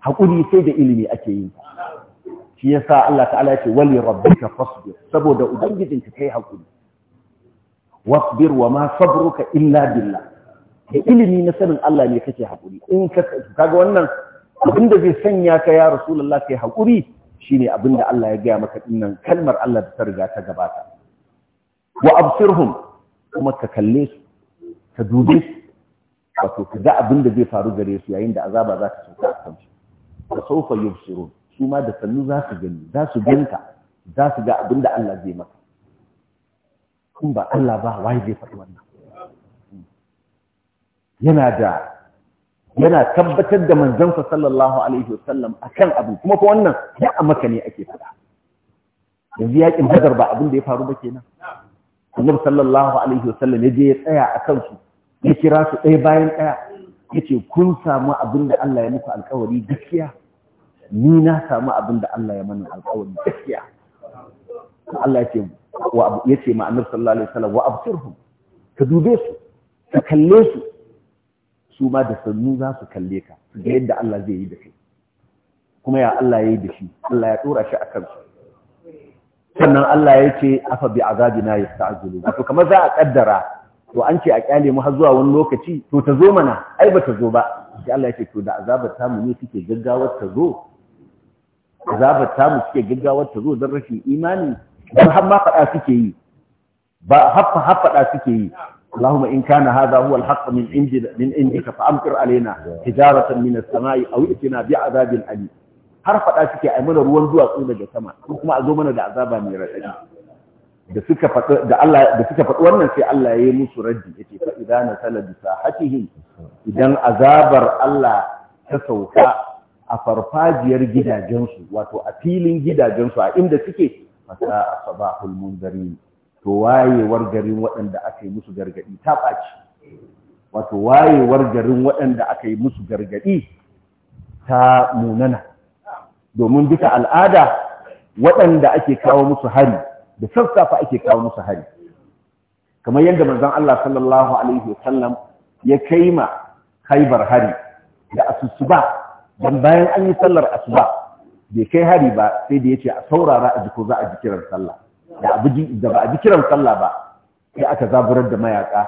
[SPEAKER 2] haƙuri sai da ilimi ake yi shi yasa Allah ta'ala ce wali rabbika fasbir saboda ubangijinka kai haƙuri wasbir wa ma sabruka illa billah da ilimi na sanin Allah ne kake haƙuri in ka kaga wannan abin da zai sanya ka ya rasulullah kai haƙuri shine abin da Allah ya gaya maka dinnan kalmar Allah da ta riga ta gabata wa absirhum kuma ka kalle su ka dube su wato ka ga abin da zai faru gare su yayin da azaba za ta sauka a kan su ka saufa yubsirun su ma da sannu za su gani za su ganta za su ga abin da Allah zai maka in ba Allah ba wai zai faɗi wannan yana da yana tabbatar da manzansa sallallahu alaihi wasallam akan abu kuma fa wannan ya a maka ne ake faɗa yanzu yakin badar ba abin da ya faru ba kenan annabi sallallahu alaihi wasallam ya je ya tsaya akan su ya kira su ɗaya bayan ɗaya Ya ce kun samu abin da Allah ya muku alƙawari gaskiya ni na samu abin da Allah ya mana alƙawari gaskiya Allah yace wa yace ma annabi sallallahu alaihi wasallam wa absirhum ka dube su ka kalle su su ma da sannu za su kalle ka su ga yadda Allah zai yi da kai kuma ya Allah ya yi da shi Allah ya tsora shi a kansu sannan Allah ya ce afa bi azabina yasta'jilu to kamar za a kaddara to an ce a kyale mu har zuwa wani lokaci to ta zo mana ai ba ta zo ba sai Allah ya ce to da azabar ta mu ne suke gaggawar ta zo
[SPEAKER 3] azabar ta mu suke
[SPEAKER 2] gaggawar ta zo dan rashin imani dan har ma fada suke yi ba haffa haffa suke yi اللهم إن كان هذا هو الحق من عندك من عندك فأمطر علينا حجارة من السماء أو ائتنا بعذاب أليم har faɗa suke a mana ruwan zuwa tsu daga sama ko kuma a zo mana da azaba mai raɗaɗi da suka faɗi da Allah da suka faɗi wannan sai Allah ya yi musu raddi yace fa idza nasala bi sahatihim idan azabar Allah ta sauka a farfajiyar gidajensu wato a filin gidajensu a inda suke fasa asbahul munzirin to wayewar garin waɗanda aka yi musu gargaɗi ta ɓaci wato wayewar garin waɗanda aka yi musu gargaɗi ta munana domin bisa al'ada waɗanda ake kawo musu hari da sassafa ake kawo musu hari kamar yadda manzon Allah sallallahu alaihi wasallam ya kaima haibar hari da asusuba dan bayan an yi sallar asuba bai kai hari ba sai da yace a saurara a jiko za a ji kiran sallah da da ba a ji kiran sallah ba sai aka zaburar da mayaka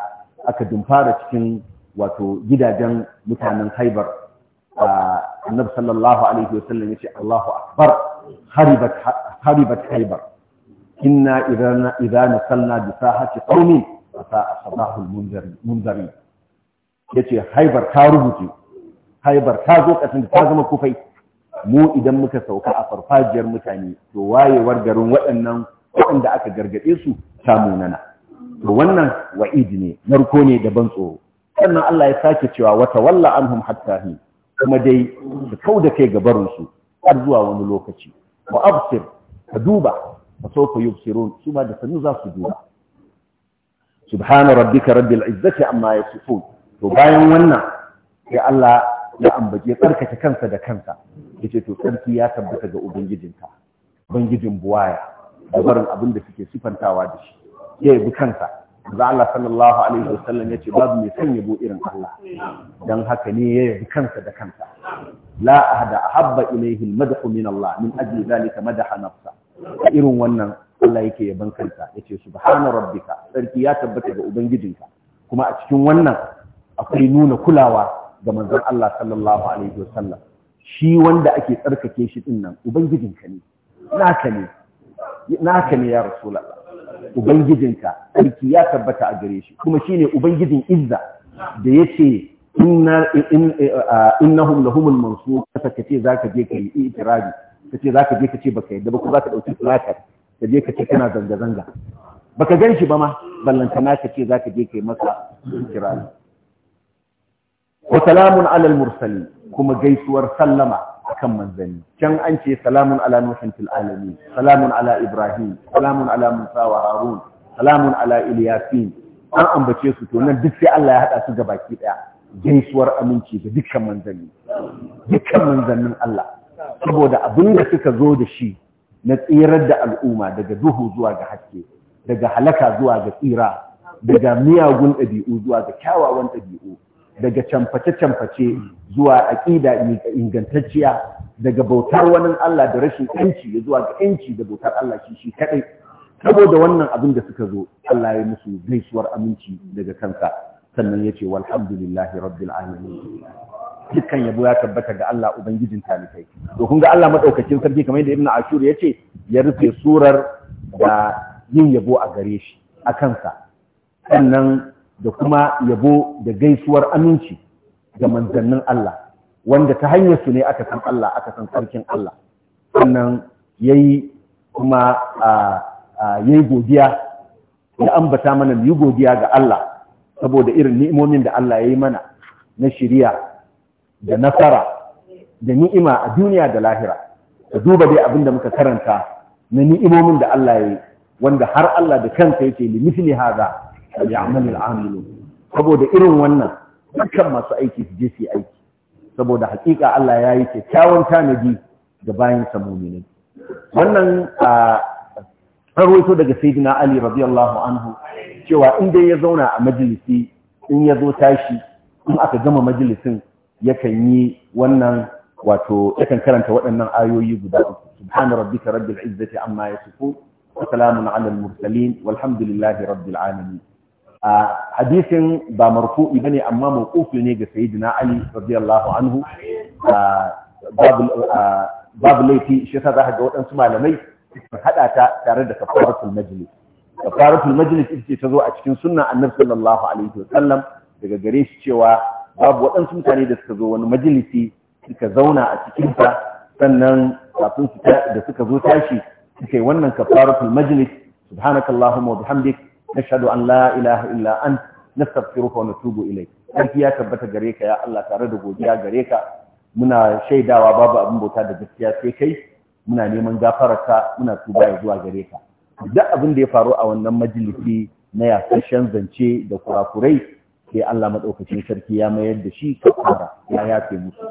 [SPEAKER 2] aka dumfara cikin wato gidajen mutanen haibar annabi sallallahu alaihi wasallam ya ce Allahu akbar haribat haribat haibar inna idana idana salna bi sahati qaumi fa asbahu al munzari yace haibar ta rubuce haibar ta zo kasin ta zama kufai mu idan muka sauka a farfajiyar mutane to wayewar garin waɗannan waɗanda aka gargaɗe su samu nana to wannan wa'idi ne narko ne da ban tsoro sannan Allah ya sake cewa wata walla anhum hatta hi kuma dai su kau da kai gabarin su har zuwa wani lokaci wa absir ka duba fa sawfa yubsirun su ba da sanu za su duba subhana rabbika rabbil izzati amma yasifun to bayan wannan sai Allah ya ya tsarkake kansa da kansa yace to sarki ya tabbata ga ubangijinka ubangijin buwaya da barin abin da suke sifantawa da shi ya yabi kansa za Allah sallallahu alaihi wasallam ya ce babu mai son yabo irin Allah dan haka ne ya yabi kansa da kansa la ahada ahabba ilayhi almadhu min Allah min ajli zalika madaha nafsa irin wannan Allah yake yaban kansa yace subhana rabbika sarki ya tabbata ga ubangijinka kuma a cikin wannan akwai nuna kulawa ga manzon Allah sallallahu alaihi wasallam shi wanda ake tsarkake shi din nan ubangijinka ne naka ne naka ne ya rasulullah ubangijinka aiki ya tabbata a gare shi kuma shine ubangijin izza da yace inna innahum lahumul mansur kasa kace zaka je kai itirabi kace zaka je kace baka yadda ba ko zaka dauki plakat ka je ka ce kana zanga zanga baka gan shi ba ma ballanta na kace zaka je ka yi masa itirabi wa salamun alal mursalin kuma gaisuwar sallama akan manzanni can an ce salamun ala nuhin fil alamin salamun ala ibrahim salamun ala musa wa harun salamun ala ilyasin an ambace su to nan duk sai Allah ya hada su ga baki daya gaisuwar aminci ga dukkan manzanni dukkan manzannin Allah saboda abin da suka zo da shi na tsirar da al'umma daga duhu zuwa ga haske daga halaka zuwa ga tsira daga miyagun ɗabi'u zuwa ga kyawawan ɗabi'u daga camface-camface zuwa aƙida ingantacciya daga bautar wani Allah da rashin yanci ya zuwa ga ƴanci da bautar Allah shi shi kaɗai saboda wannan abin da suka zo Allah ya musu gaisuwar aminci daga kansa sannan ya ce walhamdulillahi rabbil alamin dukkan yabo ya tabbata ga Allah ubangijin talibai to kun ga Allah madaukakin sarki kamar yadda ibnu ashur ya ce ya rufe surar da yin yabo a gare shi a kansa sannan da kuma yabo da gaisuwar aminci ga manzannin Allah wanda ta hanyar su ne aka san Allah aka san sarkin Allah sannan yi kuma ya yi godiya ya ambata mana yi godiya ga Allah saboda irin ni'imomin da Allah ya yi mana na shirya da nasara da ni'ima a duniya da lahira ka duba dai abin da muka karanta na ni'imomin da Allah ya yi wanda har Allah da kansa yake limithli haza al amilu saboda irin wannan dukkan masu aiki su je su aiki saboda hakika Allah ya yi kyakkyawan tanadi ga bayan sa mu'minin wannan an daga sayyidina Ali radiyallahu anhu cewa in ya zauna a majalisi in ya zo tashi in aka gama majalisin yakan yi wannan wato yakan karanta waɗannan ayoyi guda uku subhana rabbika rabbil izzati amma yasifun wa salamun alal mursalin walhamdulillahi rabbil alamin a hadisin ba marfu'i bane amma mawqufi ne ga sayyidina ali radiyallahu anhu babu laifi shi yasa zaka ga waɗansu malamai suka hada ta tare da kafaratul majlis kafaratul majlis ita ce ta zo a cikin sunna annabi sallallahu alaihi sallam. daga gare shi cewa babu waɗansu mutane da suka zo wani majlisi, suka zauna a cikinsa sannan kafin da suka zo tashi suka yi wannan kafaratul majlis subhanakallahumma wa bihamdika nashadu an la ilaha na ant nastaghfiruka na tubu ila'i. sarki ya tabbata gare ka ya Allah tare da godiya gare ka muna shaidawa babu abin bauta da gaskiya sai kai muna neman gafararka muna tuba ya zuwa gare ka duk abin da ya faru a wannan majalisi na yasashen zance da kurakurai sai Allah maɗaukacin sarki ya mayar da shi kafara ya yafe musu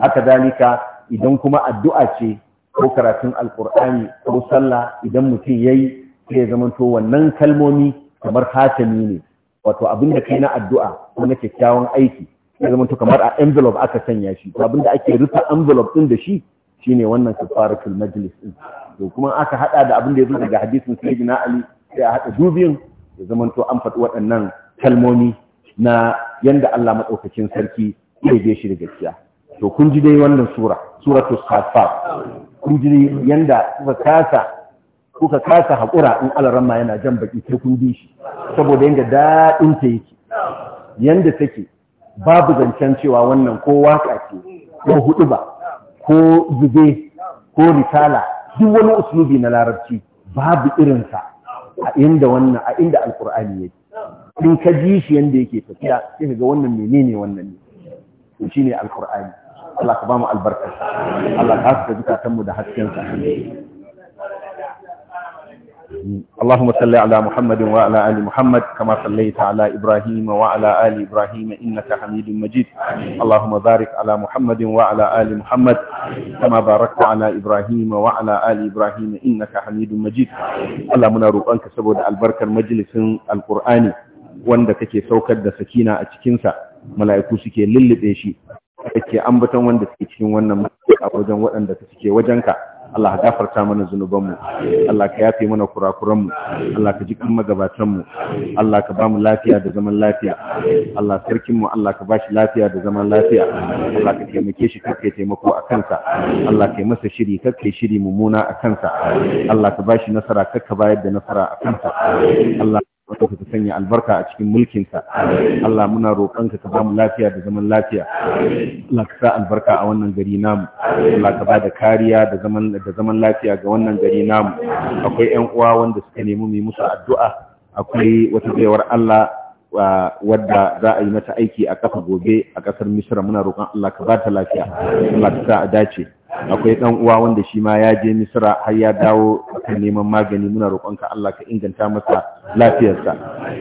[SPEAKER 2] haka zalika idan kuma addu'a ce ko karatun alkur'ani ko sallah idan mutum yayi sai ya zamanto wannan kalmomi kamar hatami ne wato abin da kai na addu'a ko na kyakkyawan aiki ya zamanto kamar a envelope aka sanya shi to abin da ake rufe envelope din da shi shine wannan kafaratul majlis din to kuma aka hada da abin da ya zo daga hadisin sayyidina ali sai a hada dubin ya zamanto an faɗi waɗannan kalmomi na yanda Allah madaukakin sarki ya yi shi da gaskiya to kun ji dai wannan sura suratul safat kun ji yanda suka kasa kuka kasa haƙura in alarama yana jan baki sai kun bi shi saboda yadda daɗin ta yake yanda take babu zancen cewa wannan ko waka ce ko hudu ba ko zube ko risala duk wani usulubi na larabci babu irinsa a inda wannan a inda alkur'ani ce in ka ji shi yanda yake tafiya sai ga wannan menene wannan ne to shine alkur'ani Allah ka ba mu albarkarsa Allah ka haska zukatanmu da haskensa اللهم صل على محمد وعلى آل محمد كما صليت على إبراهيم وعلى آل إبراهيم إنك حميد مجيد اللهم بارك على محمد وعلى آل محمد كما باركت على إبراهيم وعلى آل إبراهيم إنك حميد مجيد اللهم نروق أنك سبود البركة مجلس القرآن wanda kake saukar da sakina a cikinsa mala'iku suke lullube shi kake ambaton wanda suke cikin wannan a wajen waɗanda suke wajenka Allah ka gafarta mana zunubanmu Allah ka yafe mana kurakuranmu Allah ka jikin magabatanmu Allah ka bamu lafiya da zaman lafiya Allah sarkinmu Allah ka bashi lafiya da zaman lafiya Allah ka taimake shi kake taimako a kansa Allah ka yi masa shiri kake shiri mummuna a kansa Allah ka bashi nasara ka bayar da nasara a kansa Allah wato ka sanya albarka a cikin mulkinka Allah muna roƙonka ka ba mu lafiya da zaman lafiya Allah ka sa albarka a wannan gari namu Allah ka ba da kariya da zaman da zaman lafiya ga wannan gari namu akwai ƴan uwa wanda suka nemi mu musu addu'a akwai wata bayawar Allah wadda za a yi mata aiki a kafa gobe a ƙasar Misra muna roƙon Allah ka ba ta lafiya Allah ka sa a dace akwai ɗan uwa wanda shi ma ya je Misira har ya dawo kan neman magani muna roƙonka Allah ka inganta masa lafiyarsa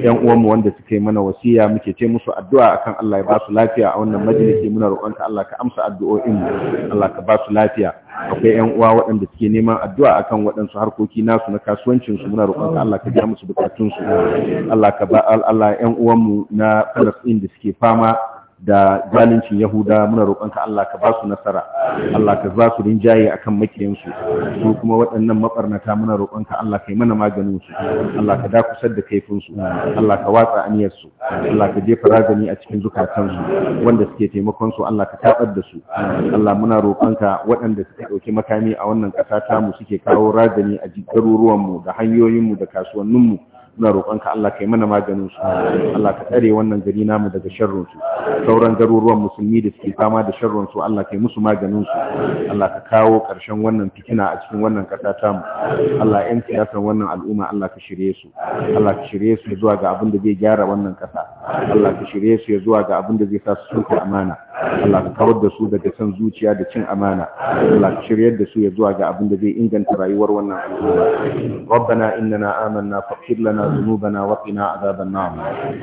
[SPEAKER 2] ɗan uwan mu wanda suka yi mana wasiya muke ce musu addu'a akan Allah ya ba su lafiya a wannan majalisi muna roƙonka Allah ka amsa addu'o'in mu Allah ka ba su lafiya akwai yan uwa waɗanda suke neman addu'a akan waɗansu harkoki nasu na kasuwancin su muna roƙonka Allah ka ja musu bukatun su Allah ka ba Allah yan uwan mu na Palestine da suke fama da zalincin yahuda muna roƙonka Allah ka ba su nasara Allah ka za su rinjaye akan makiyansu su kuma waɗannan mabarnata muna roƙonka Allah ka yi mana maganin su Allah ka da kusar da kaifinsu. Allah ka watsa aniyar su Allah ka jefa ragani a cikin zukatan su wanda suke taimakon su Allah ka tabar da su Allah muna roƙonka waɗanda suka ɗauki makami a wannan ƙasa ta mu suke kawo ragani a garuruwan mu da hanyoyinmu, da kasuwannin mu muna roƙonka Allah ka yi mana maganin su Allah ka tsare wannan gari namu daga sharrin su sauran garuruwan musulmi da suke fama da sharrin su Allah yi musu maganin su Allah ka kawo ƙarshen wannan fitina a cikin wannan ƙasa ta mu Allah yi siyasar wannan al'umma Allah ka shirye su Allah ka shirye su zuwa ga abin da zai gyara wannan ƙasa Allah ka shirye su zuwa ga abin da zai sa su amana Allah ka kawar da su daga san zuciya da cin amana Allah ka shiryar da su zuwa ga abin da zai inganta rayuwar wannan al'umma Rabbana inna amanna فاغفر لنا ذنوبنا وقنا عذاب النار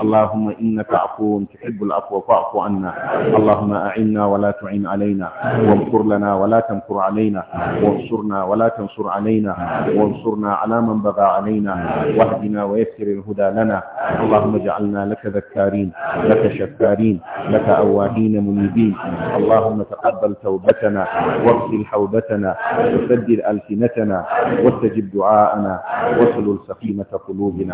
[SPEAKER 2] اللهم إنك عفو تحب العفو فاعف عنا اللهم أعنا ولا تعن علينا وامكر لنا ولا تمكر علينا وانصرنا ولا تنصر علينا وانصرنا على من بغى علينا واهدنا ويسر الهدى لنا اللهم اجعلنا لك ذكارين لك شكارين لك أواهين منيبين اللهم تقبل توبتنا واغسل حوبتنا وسدد ألسنتنا واستجب دعاءنا واسلل سقيمة قلوبنا